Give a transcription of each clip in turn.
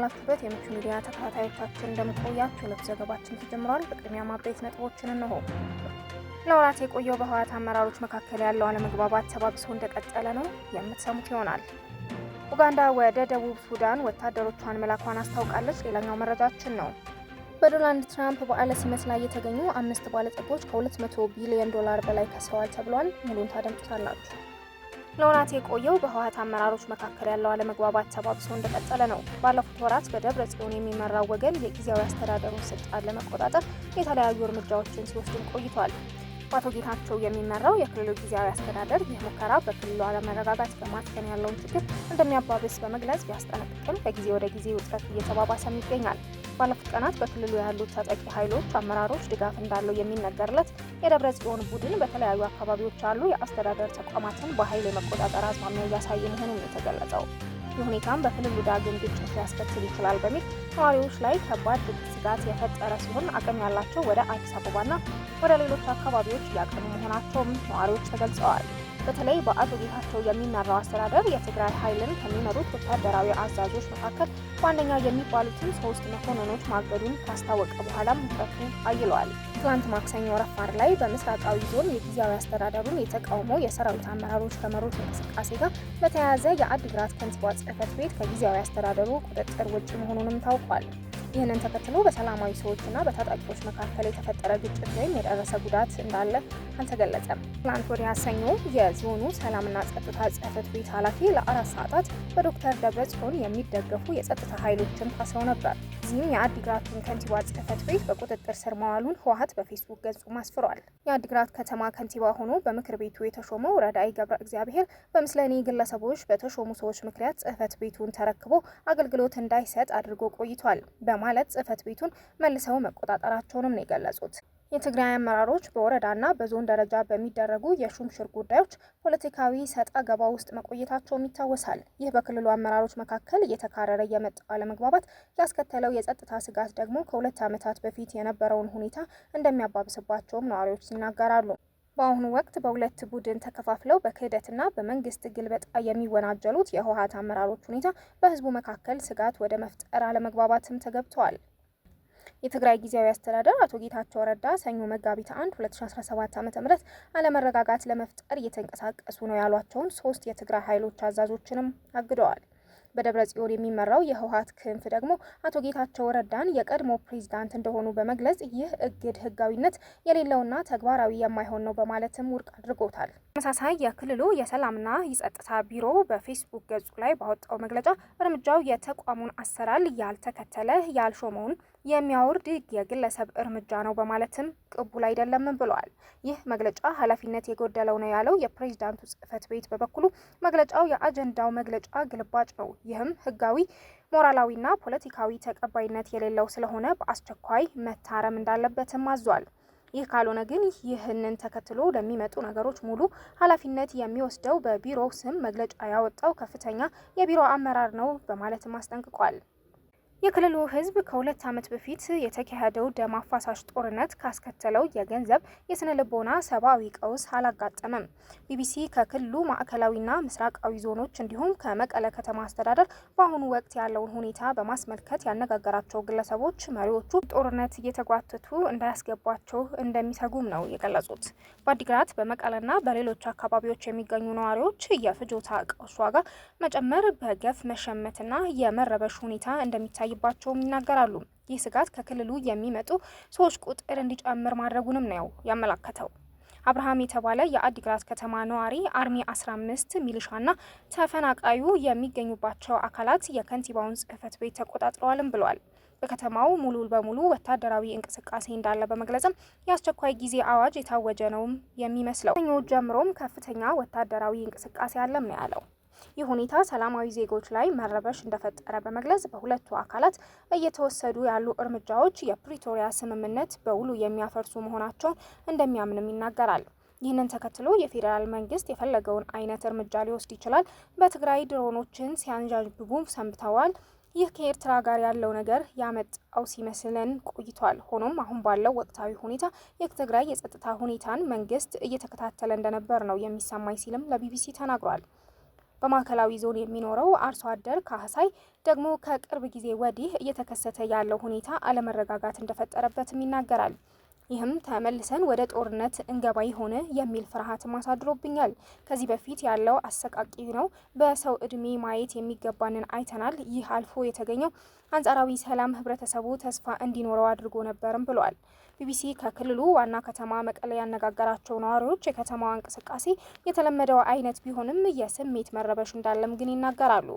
በያላችሁበት የምቹ ሚዲያ ተከታታዮቻችን እንደምቆያችሁ ዕለት ዘገባችን ተጀምሯል። በቅድሚያ ማብሬት ነጥቦችን እንሆ። ለወራት የቆየው በህወሓት አመራሮች መካከል ያለው አለመግባባት ተባብሶ እንደቀጠለ ነው የምትሰሙት ይሆናል። ኡጋንዳ ወደ ደቡብ ሱዳን ወታደሮቿን መላኳን አስታውቃለች። ሌላኛው መረጃችን ነው። በዶናልድ ትራምፕ በዓለ ሲመት ላይ የተገኙ አምስት ባለጸጎች ከ200 ቢሊዮን ዶላር በላይ ከስረዋል ተብሏል። ሙሉን ታደምጡታላችሁ። ለወራት የቆየው በህወሀት አመራሮች መካከል ያለው አለመግባባት ተባብሶ እንደቀጠለ ነው። ባለፉት ወራት በደብረ ጽዮን የሚመራው ወገን የጊዜያዊ አስተዳደሩን ስልጣን ለመቆጣጠር የተለያዩ እርምጃዎችን ሲወስድም ቆይቷል። በአቶ ጌታቸው የሚመራው የክልሉ ጊዜያዊ አስተዳደር ይህ ሙከራ በክልሉ አለመረጋጋት በማስፈን ያለውን ችግር እንደሚያባብስ በመግለጽ ቢያስጠነቅቅም ከጊዜ ወደ ጊዜ ውጥረት እየተባባሰም ይገኛል። ባለፉት ቀናት በክልሉ ያሉ ታጣቂ ኃይሎች አመራሮች ድጋፍ እንዳለው የሚነገርለት የደብረ ጽዮን ቡድን በተለያዩ አካባቢዎች ያሉ የአስተዳደር ተቋማትን በኃይል የመቆጣጠር አዝማሚያ እያሳየ መሆኑን የተገለጸው ሁኔታም በፍልም ዳግም ግጭት ሊያስከትል ይችላል በሚል ተማሪዎች ላይ ከባድ ስጋት የፈጠረ ሲሆን አቅም ያላቸው ወደ አዲስ አበባና ወደ ሌሎች አካባቢዎች እያቀኑ መሆናቸውም ተማሪዎች ተገልጸዋል። በተለይ በአቶ ጌታቸው የሚመራው አስተዳደር የትግራይ ኃይልን ከሚመሩት ወታደራዊ አዛዦች መካከል ዋነኛ የሚባሉትን ሶስት መኮንኖች ማገዱን ካስታወቀ በኋላም ውጥረቱ አይሏል። ትላንት ማክሰኞ ረፋር ላይ በምስራቃዊ ዞን የጊዜያዊ አስተዳደሩን የተቃውሞ የሰራዊት አመራሮች ከመሩት እንቅስቃሴ ጋር በተያያዘ የአዲግራት ከንቲባ ጽህፈት ቤት ከጊዜያዊ አስተዳደሩ ቁጥጥር ውጭ መሆኑንም ታውቋል። ይህንን ተከትሎ በሰላማዊ ሰዎችና በታጣቂዎች መካከል የተፈጠረ ግጭት ወይም የደረሰ ጉዳት እንዳለ አልተገለጸም። ትላንት ወዲያ ሰኞ የዞኑ ሰላምና ጸጥታ ጽህፈት ቤት ኃላፊ ለአራት ሰዓታት በዶክተር ደብረ ጽዮን የሚደገፉ የጸጥታ ኃይሎችን ታስረው ነበር። እዚህም የአዲግራቱን ከንቲባ ጽህፈት ቤት በቁጥጥር ስር መዋሉን ህወሀት በፌስቡክ ገጹ አስፍሯል። የአዲግራት ከተማ ከንቲባ ሆኖ በምክር ቤቱ የተሾመው ረዳይ ገብረ እግዚአብሔር በምስለኔ ግለሰቦች በተሾሙ ሰዎች ምክንያት ጽህፈት ቤቱን ተረክቦ አገልግሎት እንዳይሰጥ አድርጎ ቆይቷል። በማለት ጽህፈት ቤቱን መልሰው መቆጣጠራቸውንም ነው የገለጹት። የትግራይ አመራሮች በወረዳና በዞን ደረጃ በሚደረጉ የሹምሽር ጉዳዮች ፖለቲካዊ ሰጣ ገባ ውስጥ መቆየታቸውም ይታወሳል። ይህ በክልሉ አመራሮች መካከል እየተካረረ የመጣው አለመግባባት ያስከተለው የጸጥታ ስጋት ደግሞ ከሁለት ዓመታት በፊት የነበረውን ሁኔታ እንደሚያባብስባቸውም ነዋሪዎች ይናገራሉ። በአሁኑ ወቅት በሁለት ቡድን ተከፋፍለው በክህደትና በመንግስት ግልበጣ የሚወናጀሉት የህወሀት አመራሮች ሁኔታ በህዝቡ መካከል ስጋት ወደ መፍጠር አለመግባባትም ተገብተዋል። የትግራይ ጊዜያዊ አስተዳደር አቶ ጌታቸው ረዳ ሰኞ መጋቢት 1 2017 ዓ ም አለመረጋጋት ለመፍጠር እየተንቀሳቀሱ ነው ያሏቸውን ሶስት የትግራይ ኃይሎች አዛዦችንም አግደዋል። በደብረ ጽዮን የሚመራው የህወሀት ክንፍ ደግሞ አቶ ጌታቸው ረዳን የቀድሞ ፕሬዚዳንት እንደሆኑ በመግለጽ ይህ እግድ ህጋዊነት የሌለውና ተግባራዊ የማይሆን ነው በማለትም ውድቅ አድርጎታል። ተመሳሳይ የክልሉ የሰላምና የጸጥታ ቢሮ በፌስቡክ ገጹ ላይ ባወጣው መግለጫ እርምጃው የተቋሙን አሰራር ያልተከተለ ያልሾመውን የሚያወርድ የግለሰብ እርምጃ ነው በማለትም ቅቡል አይደለም ብለዋል። ይህ መግለጫ ኃላፊነት የጎደለው ነው ያለው የፕሬዚዳንቱ ጽህፈት ቤት በበኩሉ መግለጫው የአጀንዳው መግለጫ ግልባጭ ነው፣ ይህም ህጋዊ ሞራላዊና ፖለቲካዊ ተቀባይነት የሌለው ስለሆነ በአስቸኳይ መታረም እንዳለበትም አዟል። ይህ ካልሆነ ግን ይህንን ተከትሎ ለሚመጡ ነገሮች ሙሉ ኃላፊነት የሚወስደው በቢሮው ስም መግለጫ ያወጣው ከፍተኛ የቢሮ አመራር ነው በማለትም አስጠንቅቋል። የክልሉ ህዝብ ከሁለት ዓመት በፊት የተካሄደው ደም አፋሳሽ ጦርነት ካስከተለው የገንዘብ፣ የስነ ልቦና፣ ሰብአዊ ቀውስ አላጋጠመም። ቢቢሲ ከክልሉ ማዕከላዊና ምስራቃዊ ዞኖች እንዲሁም ከመቀለ ከተማ አስተዳደር በአሁኑ ወቅት ያለውን ሁኔታ በማስመልከት ያነጋገራቸው ግለሰቦች መሪዎቹ ጦርነት እየተጓተቱ እንዳያስገባቸው እንደሚሰጉም ነው የገለጹት። በአዲግራት በመቀለና በሌሎች አካባቢዎች የሚገኙ ነዋሪዎች የፍጆታ እቃዎች ዋጋ መጨመር፣ በገፍ መሸመትና የመረበሽ ሁኔታ እንደሚታይባቸውም ይናገራሉ። ይህ ስጋት ከክልሉ የሚመጡ ሰዎች ቁጥር እንዲጨምር ማድረጉንም ነው ያመላከተው። አብርሃም የተባለ የአዲግራት ከተማ ነዋሪ አርሚ 15 ሚሊሻና ተፈናቃዩ የሚገኙባቸው አካላት የከንቲባውን ጽህፈት ቤት ተቆጣጥረዋልም ብሏል። በከተማው ሙሉ በሙሉ ወታደራዊ እንቅስቃሴ እንዳለ በመግለጽም የአስቸኳይ ጊዜ አዋጅ የታወጀ ነው የሚመስለው። ሰኞ ጀምሮም ከፍተኛ ወታደራዊ እንቅስቃሴ አለም ነው ያለው። ይህ ሁኔታ ሰላማዊ ዜጎች ላይ መረበሽ እንደፈጠረ በመግለጽ በሁለቱ አካላት እየተወሰዱ ያሉ እርምጃዎች የፕሪቶሪያ ስምምነት በውሉ የሚያፈርሱ መሆናቸውን እንደሚያምንም ይናገራል። ይህንን ተከትሎ የፌዴራል መንግስት የፈለገውን አይነት እርምጃ ሊወስድ ይችላል። በትግራይ ድሮኖችን ሲያንዣብቡ ሰንብተዋል። ይህ ከኤርትራ ጋር ያለው ነገር ያመጣው ሲመስለን ቆይቷል። ሆኖም አሁን ባለው ወቅታዊ ሁኔታ የትግራይ የጸጥታ ሁኔታን መንግስት እየተከታተለ እንደነበር ነው የሚሰማኝ ሲልም ለቢቢሲ ተናግሯል። በማዕከላዊ ዞን የሚኖረው አርሶ አደር ካህሳይ ደግሞ ከቅርብ ጊዜ ወዲህ እየተከሰተ ያለው ሁኔታ አለመረጋጋት እንደፈጠረበትም ይናገራል። ይህም ተመልሰን ወደ ጦርነት እንገባ ይሆን የሚል ፍርሃትም አሳድሮብኛል። ከዚህ በፊት ያለው አሰቃቂ ነው። በሰው እድሜ ማየት የሚገባንን አይተናል። ይህ አልፎ የተገኘው አንጻራዊ ሰላም ህብረተሰቡ ተስፋ እንዲኖረው አድርጎ ነበርም ብሏል። ቢቢሲ ከክልሉ ዋና ከተማ መቀለ ያነጋገራቸው ነዋሪዎች የከተማዋ እንቅስቃሴ የተለመደው አይነት ቢሆንም የስሜት መረበሽ እንዳለም ግን ይናገራሉ።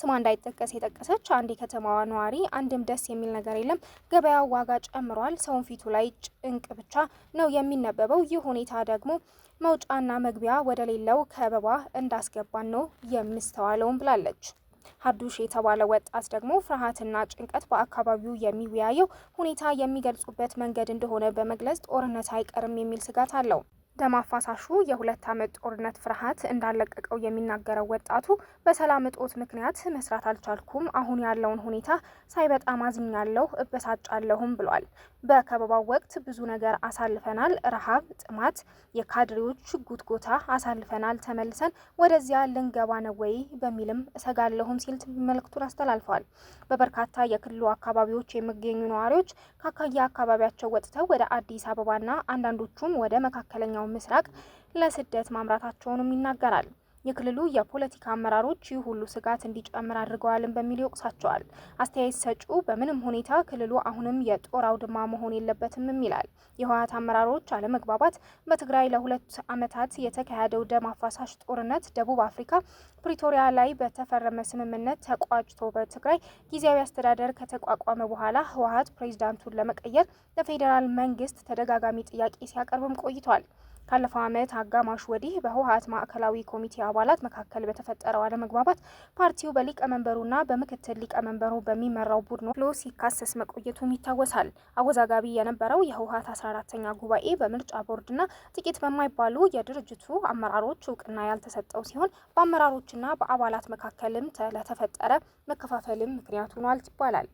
ስማ እንዳይጠቀስ የጠቀሰች አንድ የከተማዋ ነዋሪ አንድም ደስ የሚል ነገር የለም፣ ገበያው ዋጋ ጨምሯል፣ ሰውን ፊቱ ላይ ጭንቅ ብቻ ነው የሚነበበው። ይህ ሁኔታ ደግሞ መውጫና መግቢያ ወደ ሌለው ከበባ እንዳስገባን ነው የምስተዋለውም ብላለች። ሀዱሽ የተባለ ወጣት ደግሞ ፍርሃትና ጭንቀት በአካባቢው የሚወያየው ሁኔታ የሚገልጹበት መንገድ እንደሆነ በመግለጽ ጦርነት አይቀርም የሚል ስጋት አለው። ደም አፋሳሹ የሁለት ዓመት ጦርነት ፍርሃት እንዳለቀቀው የሚናገረው ወጣቱ በሰላም እጦት ምክንያት መስራት አልቻልኩም፣ አሁን ያለውን ሁኔታ ሳይ በጣም አዝኛለሁ፣ እበሳጫለሁም ብሏል። በከበባው ወቅት ብዙ ነገር አሳልፈናል። ረሃብ፣ ጥማት፣ የካድሬዎች ጉትጎታ አሳልፈናል። ተመልሰን ወደዚያ ልንገባ ነው ወይ በሚልም እሰጋለሁም ሲል መልእክቱን አስተላልፈዋል። በበርካታ የክልሉ አካባቢዎች የሚገኙ ነዋሪዎች ካካያ አካባቢያቸው ወጥተው ወደ አዲስ አበባና አንዳንዶቹም ወደ መካከለኛው ምስራቅ ለስደት ማምራታቸውንም ይናገራል። የክልሉ የፖለቲካ አመራሮች ይህ ሁሉ ስጋት እንዲጨምር አድርገዋልን በሚል ይወቅሳቸዋል። አስተያየት ሰጪው በምንም ሁኔታ ክልሉ አሁንም የጦር አውድማ መሆን የለበትም ይላል። የህወሓት አመራሮች አለመግባባት በትግራይ ለሁለት ዓመታት የተካሄደው ደም አፋሳሽ ጦርነት ደቡብ አፍሪካ ፕሪቶሪያ ላይ በተፈረመ ስምምነት ተቋጭቶ በትግራይ ጊዜያዊ አስተዳደር ከተቋቋመ በኋላ ህወሓት ፕሬዚዳንቱን ለመቀየር ለፌዴራል መንግስት ተደጋጋሚ ጥያቄ ሲያቀርብም ቆይቷል። ካለፈው ዓመት አጋማሽ ወዲህ በህወሀት ማዕከላዊ ኮሚቴ አባላት መካከል በተፈጠረው አለመግባባት ፓርቲው በሊቀመንበሩና በምክትል ሊቀመንበሩ በሚመራው ቡድን ሎ ሲካሰስ መቆየቱም ይታወሳል። አወዛጋቢ የነበረው የህወሀት አስራ አራተኛ ጉባኤ በምርጫ ቦርድና ጥቂት በማይባሉ የድርጅቱ አመራሮች እውቅና ያልተሰጠው ሲሆን በአመራሮችና በአባላት መካከልም ለተፈጠረ መከፋፈልም ምክንያት ሆኗል ይባላል።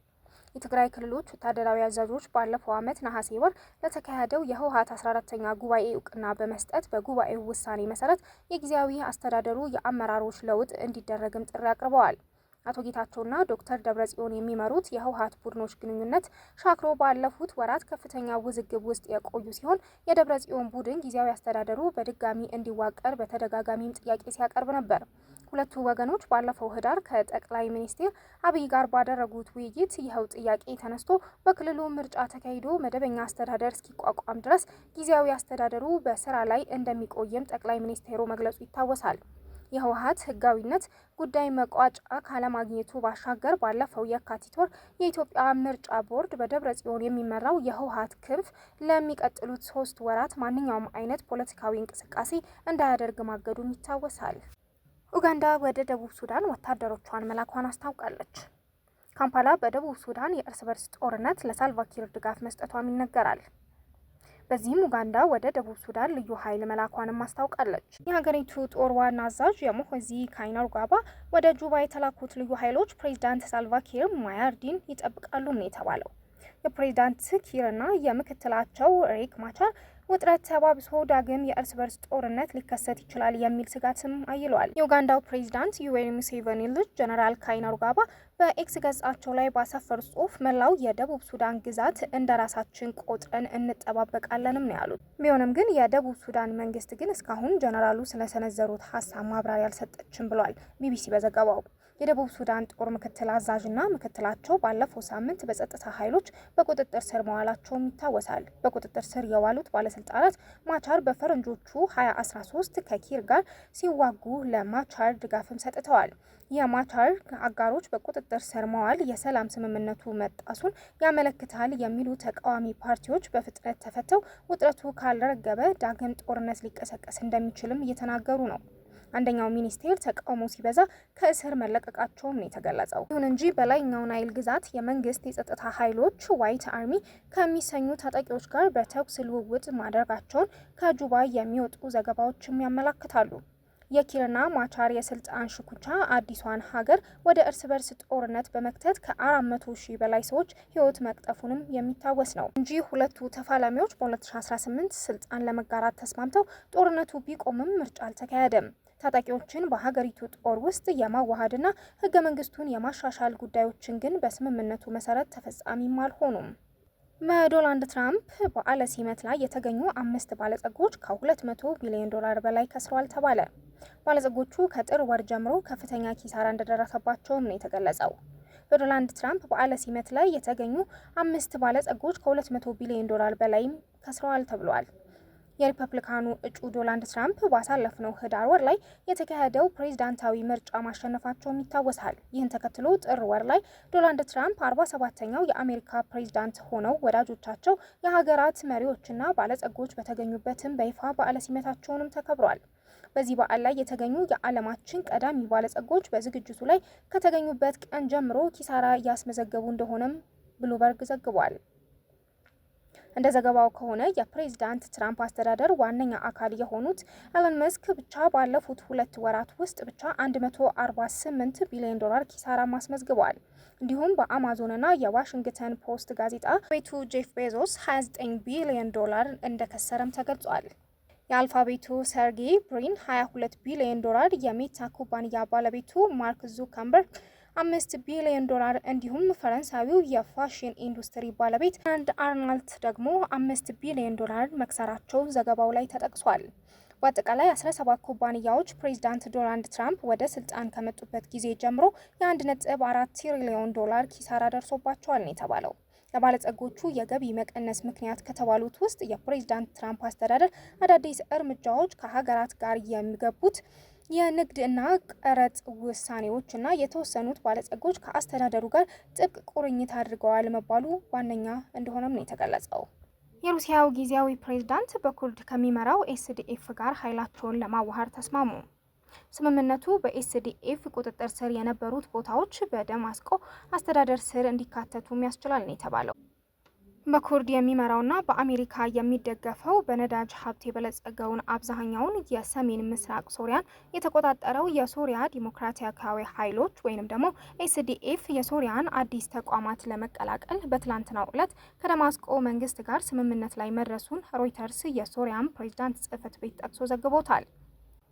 የትግራይ ክልሎች ወታደራዊ አዛዦች ባለፈው ዓመት ነሐሴ ወር ለተካሄደው የህወሀት 14ተኛ ጉባኤ እውቅና በመስጠት በጉባኤው ውሳኔ መሰረት የጊዜያዊ አስተዳደሩ የአመራሮች ለውጥ እንዲደረግም ጥሪ አቅርበዋል። አቶ ጌታቸውና ዶክተር ደብረጽዮን የሚመሩት የህወሀት ቡድኖች ግንኙነት ሻክሮ ባለፉት ወራት ከፍተኛ ውዝግብ ውስጥ የቆዩ ሲሆን የደብረጽዮን ቡድን ጊዜያዊ አስተዳደሩ በድጋሚ እንዲዋቀር በተደጋጋሚም ጥያቄ ሲያቀርብ ነበር። ሁለቱ ወገኖች ባለፈው ህዳር ከጠቅላይ ሚኒስትር አብይ ጋር ባደረጉት ውይይት ይኸው ጥያቄ ተነስቶ በክልሉ ምርጫ ተካሂዶ መደበኛ አስተዳደር እስኪቋቋም ድረስ ጊዜያዊ አስተዳደሩ በስራ ላይ እንደሚቆይም ጠቅላይ ሚኒስቴሩ መግለጹ ይታወሳል። የህወሀት ህጋዊነት ጉዳይ መቋጫ ካለማግኘቱ ባሻገር ባለፈው የካቲት ወር የኢትዮጵያ ምርጫ ቦርድ በደብረ ጽዮን የሚመራው የህወሀት ክንፍ ለሚቀጥሉት ሶስት ወራት ማንኛውም አይነት ፖለቲካዊ እንቅስቃሴ እንዳያደርግ ማገዱም ይታወሳል። ኡጋንዳ ወደ ደቡብ ሱዳን ወታደሮቿን መላኳን አስታውቃለች። ካምፓላ በደቡብ ሱዳን የእርስ በርስ ጦርነት ለሳልቫኪር ድጋፍ መስጠቷም ይነገራል። በዚህም ኡጋንዳ ወደ ደቡብ ሱዳን ልዩ ኃይል መላኳንም አስታውቃለች። የሀገሪቱ ጦር ዋና አዛዥ የሞሆዚ ጓባ ወደ ጁባ የተላኩት ልዩ ኃይሎች ፕሬዚዳንት ሳልቫኪር ማያርዲን ይጠብቃሉም ነው የተባለው። የፕሬዚዳንት ኪርና የምክትላቸው ሬክ ማቻር ውጥረት ተባብሶ ዳግም የእርስ በርስ ጦርነት ሊከሰት ይችላል የሚል ስጋትም አይሏል። የኡጋንዳው ፕሬዚዳንት ዩዌሪ ሙሴቨኒ ልጅ ጀነራል ካይናሩጋባ በኤክስ ገጻቸው ላይ ባሰፈሩ ጽሁፍ መላው የደቡብ ሱዳን ግዛት እንደ ራሳችን ቆጥረን እንጠባበቃለንም ነው ያሉት። ቢሆንም ግን የደቡብ ሱዳን መንግስት ግን እስካሁን ጀነራሉ ስለሰነዘሩት ሀሳብ ማብራሪያ አልሰጠችም ብሏል ቢቢሲ በዘገባው። የደቡብ ሱዳን ጦር ምክትል አዛዥና ምክትላቸው ባለፈው ሳምንት በጸጥታ ኃይሎች በቁጥጥር ስር መዋላቸውም ይታወሳል። በቁጥጥር ስር የዋሉት ባለስልጣናት ማቻር በፈረንጆቹ 2013 ከኪር ጋር ሲዋጉ ለማቻር ድጋፍም ሰጥተዋል። የማቻር አጋሮች በቁጥጥር ስር መዋል የሰላም ስምምነቱ መጣሱን ያመለክታል የሚሉ ተቃዋሚ ፓርቲዎች በፍጥነት ተፈተው ውጥረቱ ካልረገበ ዳግም ጦርነት ሊቀሰቀስ እንደሚችልም እየተናገሩ ነው። አንደኛው ሚኒስቴር ተቃውሞ ሲበዛ ከእስር መለቀቃቸውም ነው የተገለጸው። ይሁን እንጂ በላይኛው ናይል ግዛት የመንግስት የጸጥታ ኃይሎች ዋይት አርሚ ከሚሰኙ ታጣቂዎች ጋር በተኩስ ልውውጥ ማድረጋቸውን ከጁባ የሚወጡ ዘገባዎችም ያመላክታሉ። የኪርና ማቻር የስልጣን ሽኩቻ አዲሷን ሀገር ወደ እርስ በርስ ጦርነት በመክተት ከ400 ሺህ በላይ ሰዎች ህይወት መቅጠፉንም የሚታወስ ነው እንጂ ሁለቱ ተፋላሚዎች በ2018 ስልጣን ለመጋራት ተስማምተው ጦርነቱ ቢቆምም ምርጫ አልተካሄደም። ታጣቂዎችን በሀገሪቱ ጦር ውስጥ የማዋሃድና ህገ መንግስቱን የማሻሻል ጉዳዮችን ግን በስምምነቱ መሰረት ተፈጻሚም አልሆኑም። በዶናልድ ትራምፕ በዓለ ሲመት ላይ የተገኙ አምስት ባለጸጎች ከ200 ቢሊዮን ዶላር በላይ ከስረዋል ተባለ። ባለጸጎቹ ከጥር ወር ጀምሮ ከፍተኛ ኪሳራ እንደደረሰባቸውም ነው የተገለጸው። በዶናልድ ትራምፕ በዓለ ሲመት ላይ የተገኙ አምስት ባለጸጎች ከ200 ቢሊዮን ዶላር በላይም ከስረዋል ተብሏል። የሪፐብሊካኑ እጩ ዶናልድ ትራምፕ ባሳለፍነው ህዳር ወር ላይ የተካሄደው ፕሬዝዳንታዊ ምርጫ ማሸነፋቸውም ይታወሳል። ይህን ተከትሎ ጥር ወር ላይ ዶናልድ ትራምፕ አርባ ሰባተኛው የአሜሪካ ፕሬዝዳንት ሆነው ወዳጆቻቸው፣ የሀገራት መሪዎችና ባለጸጎች በተገኙበትም በይፋ በዓለ ሲመታቸውንም ተከብሯል። በዚህ በዓል ላይ የተገኙ የዓለማችን ቀዳሚ ባለጸጎች በዝግጅቱ ላይ ከተገኙበት ቀን ጀምሮ ኪሳራ እያስመዘገቡ እንደሆነም ብሉምበርግ ዘግቧል። እንደ ዘገባው ከሆነ የፕሬዚዳንት ትራምፕ አስተዳደር ዋነኛ አካል የሆኑት ኤለን መስክ ብቻ ባለፉት ሁለት ወራት ውስጥ ብቻ 148 ቢሊዮን ዶላር ኪሳራ ማስመዝግበዋል። እንዲሁም በአማዞንና የዋሽንግተን ፖስት ጋዜጣ ቤቱ ጄፍ ቤዞስ 29 ቢሊዮን ዶላር እንደከሰረም ተገልጿል። የአልፋቤቱ ሰርጌ ብሪን 22 ቢሊዮን ዶላር፣ የሜታ ኩባንያ ባለቤቱ ማርክ ዙከምበርግ አምስት ቢሊዮን ዶላር እንዲሁም ፈረንሳዊው የፋሽን ኢንዱስትሪ ባለቤት አንድ አርናልት ደግሞ አምስት ቢሊዮን ዶላር መክሰራቸው ዘገባው ላይ ተጠቅሷል። በአጠቃላይ 17 ኩባንያዎች ፕሬዚዳንት ዶናልድ ትራምፕ ወደ ስልጣን ከመጡበት ጊዜ ጀምሮ የ1.4 ትሪሊዮን ዶላር ኪሳራ ደርሶባቸዋል ነው የተባለው። ለባለጸጎቹ የገቢ መቀነስ ምክንያት ከተባሉት ውስጥ የፕሬዚዳንት ትራምፕ አስተዳደር አዳዲስ እርምጃዎች ከሀገራት ጋር የሚገቡት የንግድ እና ቀረጥ ውሳኔዎች እና የተወሰኑት ባለጸጎች ከአስተዳደሩ ጋር ጥብቅ ቁርኝት አድርገዋል መባሉ ዋነኛ እንደሆነም ነው የተገለጸው። የሩሲያው ጊዜያዊ ፕሬዝዳንት በኩርድ ከሚመራው ኤስዲኤፍ ጋር ኃይላቸውን ለማዋሃር ተስማሙ። ስምምነቱ በኤስዲኤፍ ቁጥጥር ስር የነበሩት ቦታዎች በደማስቆ አስተዳደር ስር እንዲካተቱም ያስችላል ነው የተባለው። በኩርድ የሚመራውና በአሜሪካ የሚደገፈው በነዳጅ ሀብት የበለጸገውን አብዛኛውን የሰሜን ምስራቅ ሶሪያን የተቆጣጠረው የሶሪያ ዲሞክራቲያዊ ኃይሎች ወይንም ደግሞ ኤስዲኤፍ የሶሪያን አዲስ ተቋማት ለመቀላቀል በትላንትናው ዕለት ከደማስቆ መንግስት ጋር ስምምነት ላይ መድረሱን ሮይተርስ የሶሪያን ፕሬዚዳንት ጽህፈት ቤት ጠቅሶ ዘግቦታል።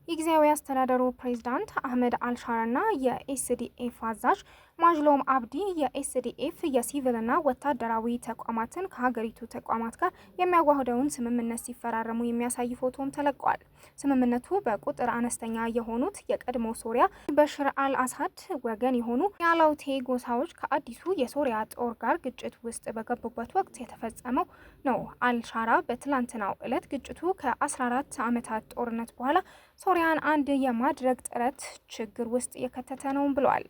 የጊዜያዊ አስተዳደሩ ፕሬዚዳንት አህመድ አልሻርና የኤስዲኤፍ አዛዥ ማጅሎም አብዲ የኤስዲኤፍ የሲቪልና ወታደራዊ ተቋማትን ከሀገሪቱ ተቋማት ጋር የሚያዋህደውን ስምምነት ሲፈራረሙ የሚያሳይ ፎቶም ተለቋል። ስምምነቱ በቁጥር አነስተኛ የሆኑት የቀድሞ ሶሪያ በሽር አል አሳድ ወገን የሆኑ የአላውቴ ጎሳዎች ከአዲሱ የሶሪያ ጦር ጋር ግጭት ውስጥ በገቡበት ወቅት የተፈጸመው ነው። አልሻራ በትላንትናው ዕለት ግጭቱ ከ14 ዓመታት ጦርነት በኋላ ሶሪያን አንድ የማድረግ ጥረት ችግር ውስጥ የከተተ ነውም ብሏል።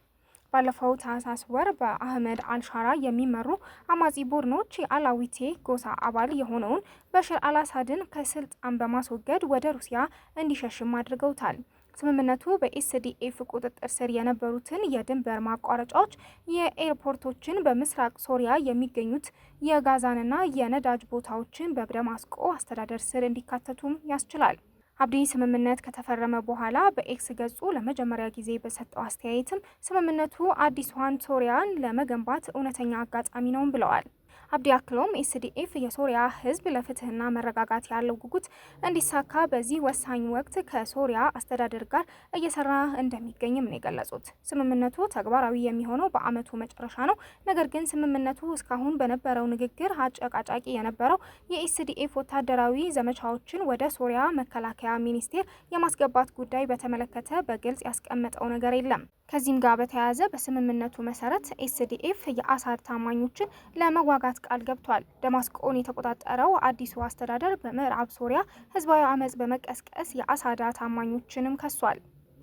ባለፈው ታህሳስ ወር በአህመድ አልሻራ የሚመሩ አማጺ ቡድኖች የአላዊቴ ጎሳ አባል የሆነውን በሽር አላሳድን ከስልጣን በማስወገድ ወደ ሩሲያ እንዲሸሽም አድርገውታል። ስምምነቱ በኤስዲኤፍ ቁጥጥር ስር የነበሩትን የድንበር ማቋረጫዎች፣ የኤርፖርቶችን፣ በምስራቅ ሶሪያ የሚገኙት የጋዛንና የነዳጅ ቦታዎችን በደማስቆ አስተዳደር ስር እንዲካተቱም ያስችላል። አብዲ ስምምነት ከተፈረመ በኋላ በኤክስ ገጹ ለመጀመሪያ ጊዜ በሰጠው አስተያየትም ስምምነቱ አዲሷን ሶሪያን ለመገንባት እውነተኛ አጋጣሚ ነውም ብለዋል። አብዲ አክሎም ኤስዲኤፍ የሶሪያ ህዝብ ለፍትህና መረጋጋት ያለው ጉጉት እንዲሳካ በዚህ ወሳኝ ወቅት ከሶሪያ አስተዳደር ጋር እየሰራ እንደሚገኝም ነው የገለጹት። ስምምነቱ ተግባራዊ የሚሆነው በዓመቱ መጨረሻ ነው። ነገር ግን ስምምነቱ እስካሁን በነበረው ንግግር አጨቃጫቂ የነበረው የኤስዲኤፍ ወታደራዊ ዘመቻዎችን ወደ ሶሪያ መከላከያ ሚኒስቴር የማስገባት ጉዳይ በተመለከተ በግልጽ ያስቀመጠው ነገር የለም። ከዚህም ጋር በተያያዘ በስምምነቱ መሰረት ኤስዲኤፍ የአሳድ ታማኞችን ለመዋጋት ቃል ገብቷል። ደማስቆን የተቆጣጠረው አዲሱ አስተዳደር በምዕራብ ሶሪያ ህዝባዊ አመፅ በመቀስቀስ የአሳዳ ታማኞችንም ከሷል።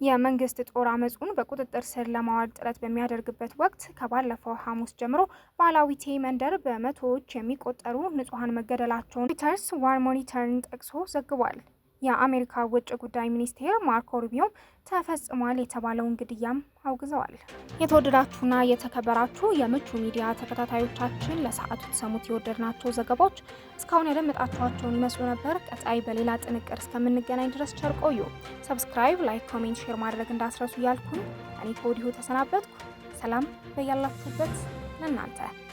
የመንግስት ጦር አመፁን በቁጥጥር ስር ለማዋል ጥረት በሚያደርግበት ወቅት ከባለፈው ሐሙስ ጀምሮ ባላዊቴ መንደር በመቶዎች የሚቆጠሩ ንጹሐን መገደላቸውን ሮይተርስ ዋር ሞኒተርን ጠቅሶ ዘግቧል። የአሜሪካ ውጭ ጉዳይ ሚኒስቴር ማርኮ ሩቢዮ ተፈጽሟል የተባለውን ግድያም አውግዘዋል። የተወደዳችሁና የተከበራችሁ የምቹ ሚዲያ ተከታታዮቻችን ለሰዓቱ ተሰሙት የወደድናቸው ዘገባዎች እስካሁን ያደመጣችኋቸውን ይመስሉ ነበር። ቀጣይ በሌላ ጥንቅር እስከምንገናኝ ድረስ ቸር ቆዩ። ሰብስክራይብ፣ ላይክ፣ ኮሜንት፣ ሼር ማድረግ እንዳስረሱ ያልኩኝ እኔ ከወዲሁ ተሰናበትኩ። ሰላም በያላችሁበት ለእናንተ